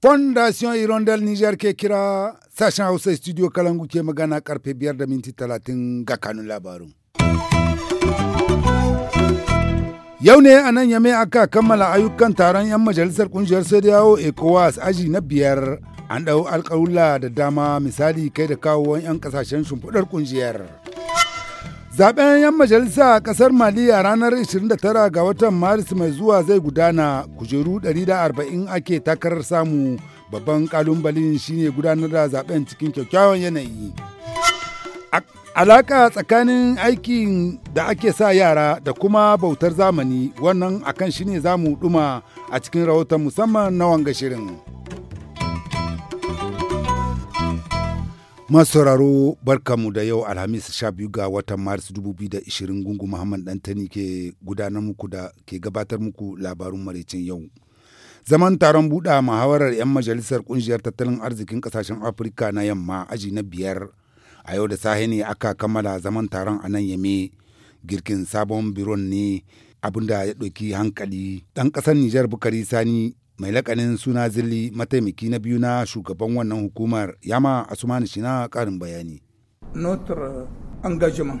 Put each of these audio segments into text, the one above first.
Fondation Hirondelle niger ke kira sashen Hausa studio Kalangu ke magana karfe biyar da minti talatin ga kanun labarin. Yau ne a nan Yame aka kammala ayyukan taron 'yan majalisar kungiyar Sadiyawo ECOWAS aji na biyar an ɗau alƙawula da dama misali kai da kawo 'yan ƙasashen shimfiɗar ƙungiyar. Zaɓen 'yan majalisa a ƙasar Mali a ranar 29 ga watan Maris mai zuwa zai gudana kujeru 140 ake takarar samu babban ƙalubalen shine gudanar da zaɓen cikin kyakkyawan yanayi. Alaka tsakanin aikin da ake sa yara da kuma bautar zamani wannan akan shine zamu ɗuma a cikin rahoton musamman na wanga shirin. masauraro barkamu da yau alhamis sha biyu ga watan maris 2020 gungu muhammad dantani ke gudanar muku da ke gabatar muku labarun maraicin yau zaman taron buɗa muhawarar 'yan majalisar kungiyar tattalin arzikin ƙasashen afirka na yamma aji na biyar a yau da sahi ne aka kammala zaman taron a nan yame girkin sabon biron ne abinda ya ɗauki hankali ɗan ƙasar nijar bukari sani mai lakanin suna zilli mataimaki na biyu na shugaban wannan hukumar yama asumani shina karin bayani notre euh, engagement.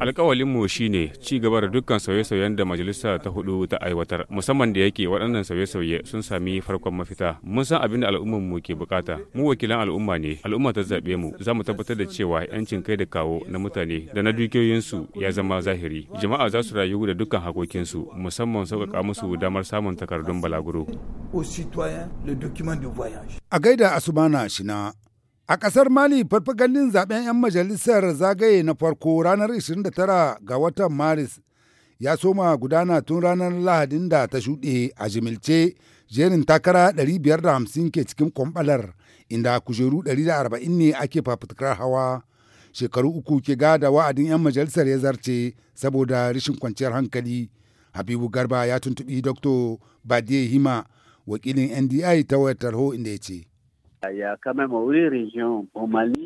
Alkawalinmu shi ne ci gaba da dukkan sauye-sauyen da majalisa ta hudu ta aiwatar musamman da yake waɗannan sauye-sauye sun sami farkon mafita. Mun san abin da mu ke bukata. Mu wakilan al'umma ne, al'umma ta zaɓe mu za mu tabbatar da cewa 'yancin kai da kawo na mutane da na dukiyoyinsu ya zama zahiri. Jama'a za su rayu da dukkan hakokinsu musamman sauƙaƙa musu damar samun takardun balaguro. A gaida Asumana Shina A ƙasar Mali farfagallin zaɓen 'yan majalisar zagaye na farko ranar 29 ga watan Maris ya soma gudana tun ranar Lahadin da ta shuɗe a jimilce jerin takara 550 ke cikin kwamfalar, inda kujeru 140 ne ake fafutukar hawa. Shekaru uku ke gada wa'adin 'yan majalisar ya zarce saboda rashin kwanciyar hankali. Habibu Garba ya tuntubi Dr. Badiye Hima wakilin NDI ta wayar tarho inda ya ce.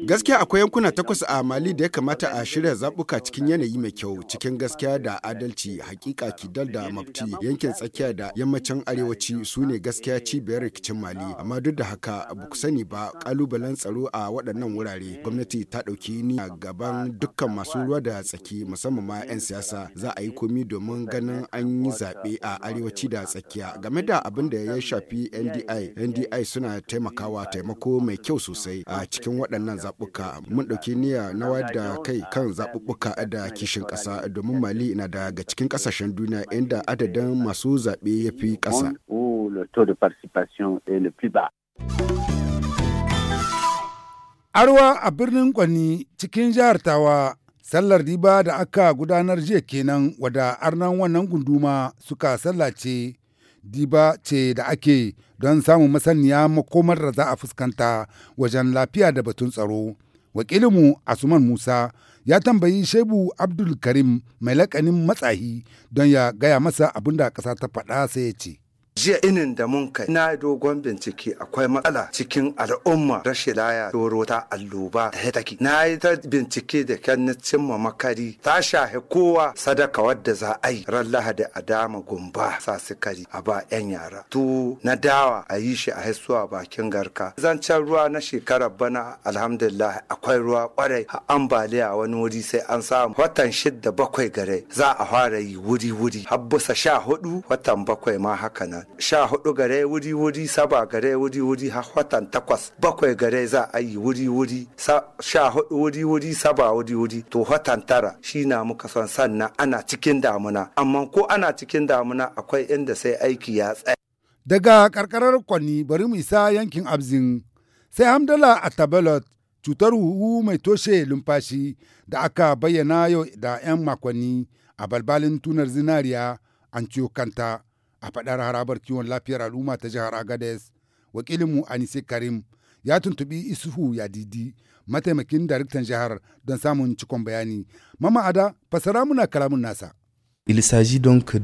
Gaskiya akwai yankuna takwas a Mali da ya kamata a shirya zaɓuka cikin yanayi mai kyau, cikin gaskiya da adalci, hakika kidal da mafti, yankin tsakiya da yammacin arewaci su ne gaskiya cibiyar rikicin Mali. Amma duk da haka ba ku sani ba ƙalubalen tsaro a waɗannan wurare. Gwamnati ta ɗauki ni a gaban dukkan masu ruwa da tsaki musamman ma 'yan siyasa za a yi komi domin ganin an yi zaɓe a arewaci da tsakiya. Game da abin da ya shafi NDI, NDI suna taimakawa taimakawa. taimako mai kyau sosai a cikin waɗannan zaɓuka. Mun ɗauki niyya na wada kai kan zaɓuɓɓuka da kishin ƙasa domin Mali na daga cikin ƙasashen duniya inda adadin masu zaɓe ya fi ƙasa. Arwa a birnin Kwani cikin jihar Tawa sallar riba da aka gudanar jiya kenan wada arnan wannan gunduma suka sallace diba ce da ake don samun masaniya makomar da za a fuskanta wajen lafiya da batun tsaro. Wakilinmu Asuman Musa ya tambayi Shebu Abdul mai lakanin matsahi don ya gaya masa abin da ƙasa ta faɗa sai ya ce. jiya inin da mun kai na dogon bincike akwai matsala cikin al'umma rashin laya doro ta alluba da take na yi ta bincike da kyan cimma makari ta shahi kowa sadaka wadda za a yi ran lahadi a dama gumba sa sikari a ba yan yara tu na dawa a yi shi a haisuwa bakin garka zancen ruwa na shekarar bana alhamdulillah akwai ruwa kwarai A ambaliya wani wuri sai an samu watan shidda bakwai gare za a fara yi wuri wuri Habbusa sha hudu watan bakwai ma haka nan sha hudu gare wuri wuri saba gare wuri wuri har watan takwas bakwai gare za a yi wuri wuri sha hudu wuri wuri saba wuri wuri to watan tara shi na muka son sannan ana cikin damuna amma ko ana cikin damuna akwai inda sai aiki ya tsaya. Daga karkarar kwani bari mu isa yankin Abzin sai Hamdala a Tabalot cutar huhu mai toshe lumfashi da aka bayyana yau da 'yan makonni a balbalin tunar zinariya an ciyo kanta a faɗar harabar kiwon lafiyar al'umma ta jihar agadez wakilinmu anise karim ya tuntubi isuhu yadidi mataimakin daraktan jihar don samun cikon bayani mama ada fasara muna kalamun nasa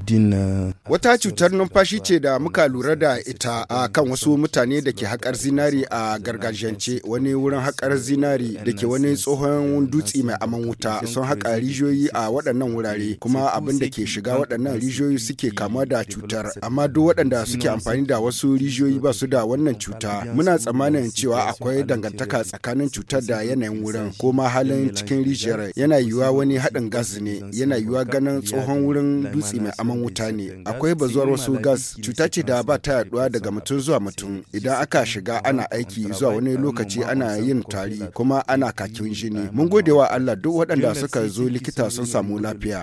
Din, uh, Wata cutar numfashi ce da muka lura da ita a kan wasu mutane da ke haƙar zinari a gargajiyance wani wurin haƙar zinari da ke wani tsohon dutse mai aman wuta sun haƙa rijiyoyi a waɗannan wurare kuma abin da ke shiga waɗannan rijiyoyi suke kama da cutar amma duk waɗanda suke amfani da wasu rijiyoyi ba su da wannan cuta muna tsammanin cewa akwai dangantaka tsakanin cutar da yanayin wurin ko ma halin cikin rijiyar yana yiwuwa wani haɗin gas ne yana yiwuwa ganin tsohon wurin dutse mai aman wuta ne akwai bazuwar wasu gas cuta ce da ba ta yaduwa daga mutum zuwa mutum idan aka shiga ana aiki zuwa wani lokaci ana yin tari kuma ana kakin jini mun gode wa Allah duk waɗanda suka zo likita sun samu lafiya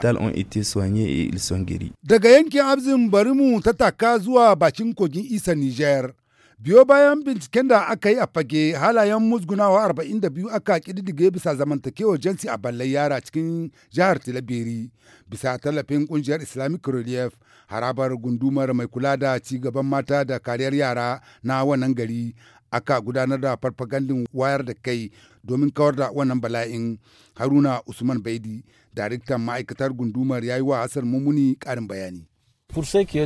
daga yankin abzin bari mu ta taka zuwa bakin kogin isa Niger Biyo bayan binciken da aka yi a fage halayen musgunawa 42 aka kididdige bisa zamantakewar jinsi a ballai yara cikin jihar tilabiri bisa tallafin kungiyar Islamic Relief harabar gundumar mai kula da ci gaban mata da kariyar yara na wannan gari aka gudanar da farfagandin wayar da kai domin kawar da wannan bala'in haruna usman baidi daraktan ma'aikatar gundumar ya yi wa hassan mummuni karin bayani Game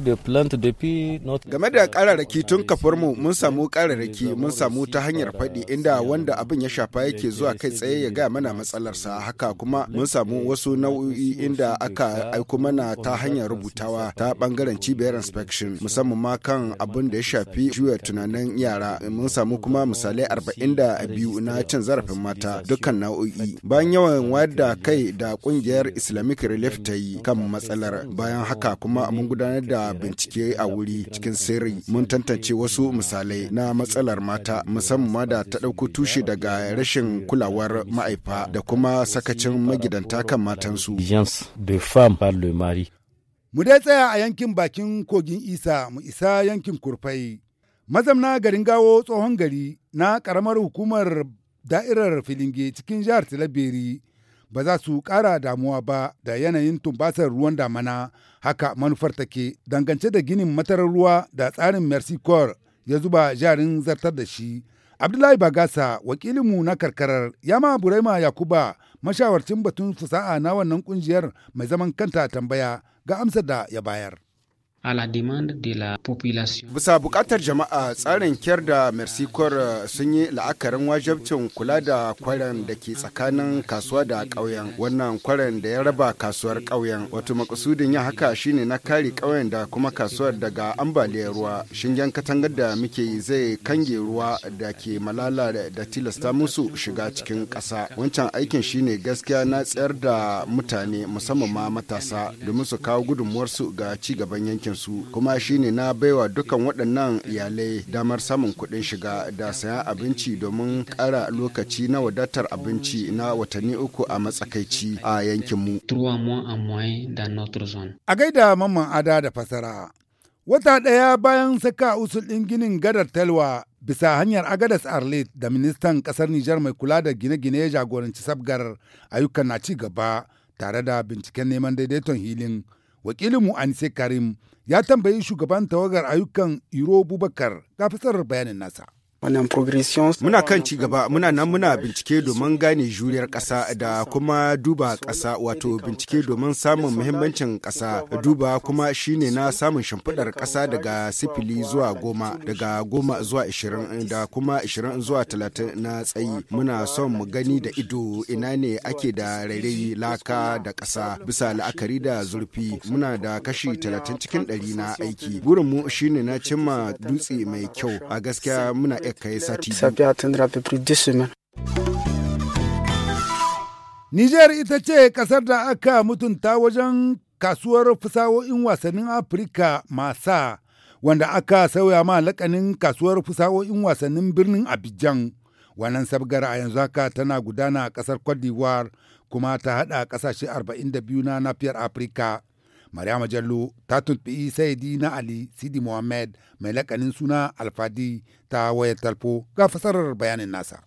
da kararraki tun kafarmu mun samu kararraki mun samu ta hanyar faɗi inda wanda abin ya shafa yake zuwa kai tsaye ya gaya mana matsalarsa haka kuma mun samu wasu nau'o'i inda aka aiko mana ta hanyar rubutawa ta bangaren cibiyar inspection musamman ma kan abin da ya shafi juya tunanin yara mun samu kuma misalai arba'in da biyu na cin zarafin mata dukkan nau'o'i bayan yawan wada kai da kungiyar islamic relief ta yi kan matsalar bayan haka kuma mun gudanar da bincike a wuri cikin sirri mun tantance wasu misalai na matsalar mata musamman da ta dauko tushe daga rashin kulawar ma'aifa da kuma sakacin magidanta kan matansu. Mu dai tsaya a yankin bakin kogin Isa mu isa yankin Kurfai. Mazamna garin gawo tsohon gari na ƙaramar hukumar da'irar Filinge cikin jihar Talabiri. ba za su ƙara damuwa ba da yanayin tumbasar ruwan damana haka manufar take dangance da ginin matarar ruwa da tsarin mercy corps ya zuba jarin zartar da shi abdullahi bagasa wakilinmu na karkarar ya yama buraima yakuba mashawarcin batun fasaha na wannan kungiyar mai zaman kanta tambaya ga amsar da ya bayar a la demande de la population. Bisa bukatar jama'a tsarin kyar da Mercicor eh, sun yi la'akarin wajabcin kula da kwaren da ke tsakanin kasuwa da ƙauyen. Wannan kwaren da ya raba kasuwar ƙauyen. Wato makasudin ya haka shine na kare ƙauyen da kuma kasuwar daga ambaliyar ruwa. Shingen katangar da muke yi zai kange ruwa da ke malala da tilasta musu shiga cikin ƙasa. Wancan aikin shine gaskiya na tsayar da mutane musamman ma matasa domin su kawo gudunmuwarsu ga ci gaban yankin su kuma shine na baiwa dukkan waɗannan iyalai damar samun kuɗin shiga da sayan abinci domin ƙara lokaci na wadatar abinci na watanni uku a matsakaici a yankinmu. A gaida mamman ada da fasara. Wata ɗaya bayan saka usul ɗin ginin gadar talwa bisa hanyar agadas arlit da ministan ƙasar Nijar mai kula da gine-gine ya jagoranci sabgar ayyukan na ci gaba tare da binciken neman daidaiton hilin. Wakilinmu Anise Karim ya tambayi shugaban tawagar ayyukan Iro Bubakar ga fasarar bayanin nasa. wannan muna kan ci gaba muna nan muna bincike domin gane juriyar kasa da kuma duba ƙasa wato bincike domin samun muhimmancin kasa duba kuma shine na samun shimfiɗar ƙasa daga sifili zuwa goma daga goma zuwa ishirin da kuma ishirin zuwa talatin na tsayi muna son mu gani da ido ina ne ake da rairayi laka da ƙasa bisa la'akari da zurfi muna da kashi talatin cikin ɗari na aiki burin mu shine na cimma dutse mai kyau a gaskiya muna kai sati Nijar ita ce kasar da aka mutunta wajen kasuwar fusawo'in wasannin Afirka masa wanda aka sauya ma lakanin kasuwar fusawo'in wasannin birnin Abidjan. Wannan sabgar a yanzu haka tana gudana a kasar Cote d'Ivoire kuma ta haɗa ƙasashe 42 na nafiyar Afirka. Maryama Jallo ta tuntuɓi Saidi na Ali Sidi Mohammed mai lakanin suna Alfadi ta wayar talfo ga fasarar bayanin nasa.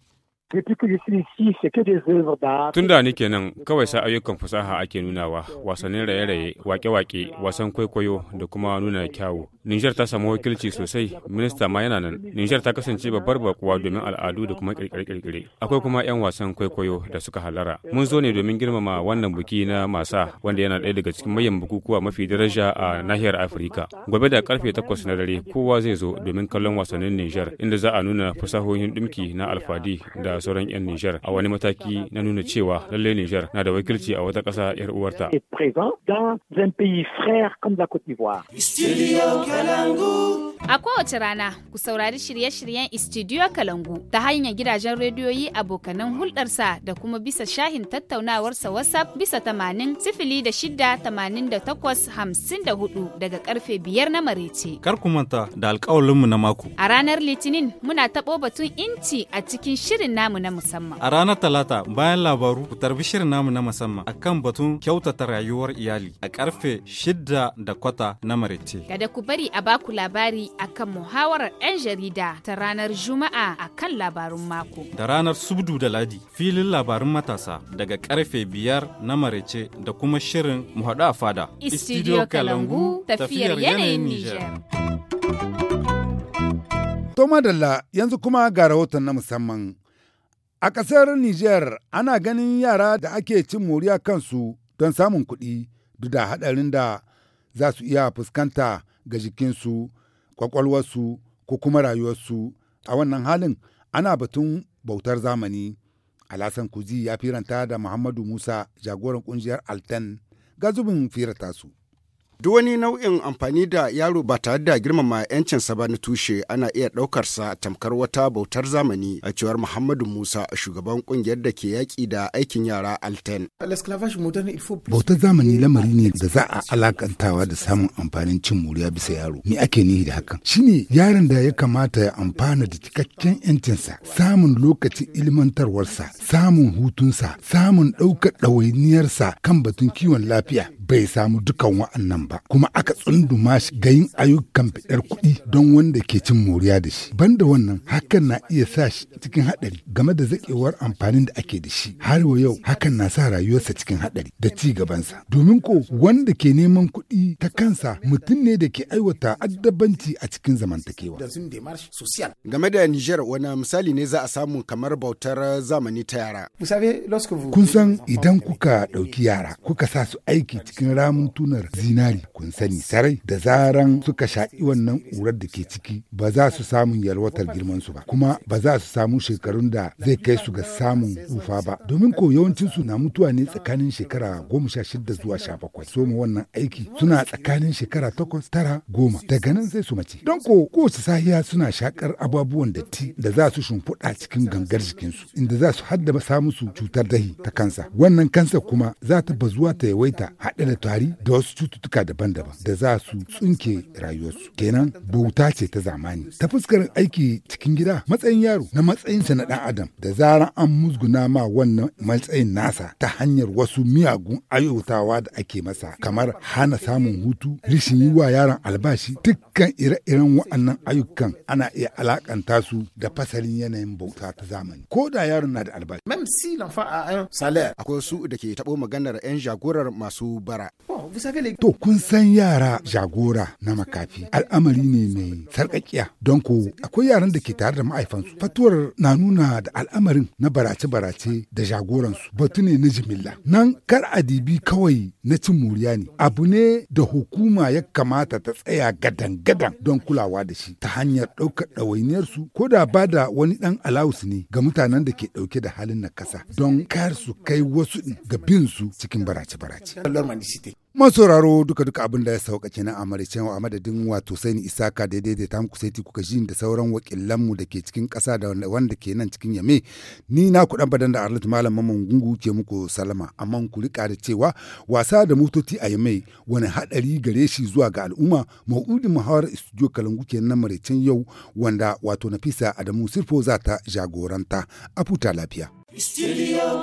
Tun da ni nan kawai sa ayyukan fasaha ake nunawa, wasannin raye-raye, wake-wake, wasan kwaikwayo da kuma nuna kyawu. Nijar ta samu wakilci sosai, minista ma yana nan. Nijar ta kasance babbar bakuwa domin al'adu da kuma kirkire-kirkire. Akwai kuma 'yan wasan kwaikwayo da suka halara. Mun zo ne domin girmama wannan buki na masa wanda yana ɗaya daga cikin manyan bukukuwa mafi daraja a nahiyar Afirka. Gobe da karfe takwas na dare kowa zai zo domin kallon wasannin Nijar inda za a nuna fasahohin ɗumki na alfadi da sauran 'yan Nijar a wani mataki na nuna cewa lallai Nijar na da wakilci a wata kasa 'yar uwarta. A kowace rana ku saurari shirye-shiryen istidiyo Kalangu ta hanyar gidajen rediyoyi abokanan hulɗarsa da kuma bisa shahin tattaunawarsa WhatsApp bisa tamanin sifili da shida tamanin da takwas hamsin da hudu daga karfe biyar na marece. Kar ku manta da alƙawalinmu na mako. A ranar Litinin muna taɓo batun inci a cikin shirin na namu na musamman. A ranar Talata bayan labaru ku tarbi shirin namu na musamman akan batun kyautata rayuwar iyali a karfe shidda da kwata na marece. Kada ku bari a baku labari akan muhawarar 'yan jarida ta ranar Juma'a a kan labarun mako. Da ranar Subdu da Ladi filin labarun matasa daga karfe biyar na marece da kuma shirin mu a fada. Istidiyo Kalangu tafiyar yanayin Nijar. toma madalla yanzu kuma ga rahoton na musamman. A ƙasar Nijar ana ganin yara da ake cin moriya kansu don samun kuɗi duk da haɗarin da za su iya fuskanta ga jikinsu, ƙwaƙwalwarsu ko kuma rayuwarsu. A wannan halin ana batun bautar zamani. Alasan Kuzi ya firanta da Muhammadu Musa jagoran ƙungiyar Alten ga zubin firata su. Duk wani nau'in amfani da yaro ba tare da girmama 'yancinsa ba na tushe ana iya ɗaukarsa tamkar wata bautar zamani a cewar Muhammadu Musa shugaban kungiyar da ke yaƙi da aikin yara Alten. Bautar zamani lamari ne da za a alakantawa da samun amfanin cin moriya bisa yaro. Me ake nihi da hakan? ne yaron da ya kamata ya amfana da cikakken 'yancinsa, samun lokacin ilmantarwarsa, samun hutunsa, samun ɗaukar ɗawainiyarsa kan batun kiwon lafiya, bai samu dukan wa'annan ba kuma aka tsunduma shi ga yin ayyukan fitar kuɗi don wanda ke cin moriya da shi banda wannan hakan na iya sa shi cikin haɗari game da zaƙewar amfanin da ake da shi har wa yau hakan na sa rayuwarsa cikin haɗari da ci gabansa domin ko wanda ke neman kuɗi ta kansa mutum ne da ke aiwata addabanci a cikin zamantakewa game da Niger wani misali ne za a samu kamar bautar zamani ta yara kun san idan kuka ɗauki yara kuka sa su aiki cikin ramin tunar zinari kun sani sarai da zaran suka sha'i wannan urar da ke ciki ba za su samu yalwatar su ba kuma ba za su samu shekarun da zai kai su ga samun tsufa ba domin ko yawancin su na mutuwa ne tsakanin shekara goma sha shida zuwa sha bakwai soma wannan aiki suna tsakanin shekara takwas tara goma daga nan sai su mace don ko kowace sahiya suna shakar ababuwan datti da za su shimfiɗa cikin gangar jikinsu inda za su haddaba su cutar dahi ta kansa wannan kansa kuma za ta bazuwa ta yawaita haɗin da tari da wasu cututtuka daban-daban da za su tsunke rayuwarsu kenan bauta ce ta zamani ta fuskar aiki cikin gida matsayin yaro na matsayinsa na dan adam da zaran an musguna ma wannan matsayin nasa ta hanyar wasu miyagun ayyutawa da ake masa kamar hana samun hutu rishin yi wa yaron albashi dukkan ire-iren wa'annan ayyukan ana iya alakanta su da fasalin yanayin bauta ta zamani ko da yaron na da albashi. Akwai su da ke taɓo maganar 'yan jagorar masu ba gobara. To kun san yara jagora na makafi al'amari ne mai sarƙaƙiya don ko akwai yaran da ke tare da ma'aifansu. Fatuwar na nuna da al'amarin na barace-barace da jagoransu batu ne na jimilla. Nan kar adibi kawai na cin muriya ne abu ne da hukuma ya kamata ta tsaya gadan-gadan don kulawa da shi ta hanyar ɗaukar ɗawainiyar su ko da ba da wani ɗan alawus ne ga mutanen da ke ɗauke da halin na kasa don kar su kai wasu ga bin su cikin barace-barace. publicité sauraro duka-duka abin da ya sauka kenan a wa a madadin wato saini isaka daidai da ta muku sai kuka ji da sauran wakilanmu da ke cikin ƙasa da wanda ke nan cikin yame ni na kuɗan badan da arlet malam maman gungu ke muku salama amma ku rika da cewa wasa da motoci a yame wani haɗari gare shi zuwa ga al'umma ma'udin muhawar studio kalangu ke nan maraicen yau wanda wato nafisa adamu sirfo za ta jagoranta a lafiya. Studio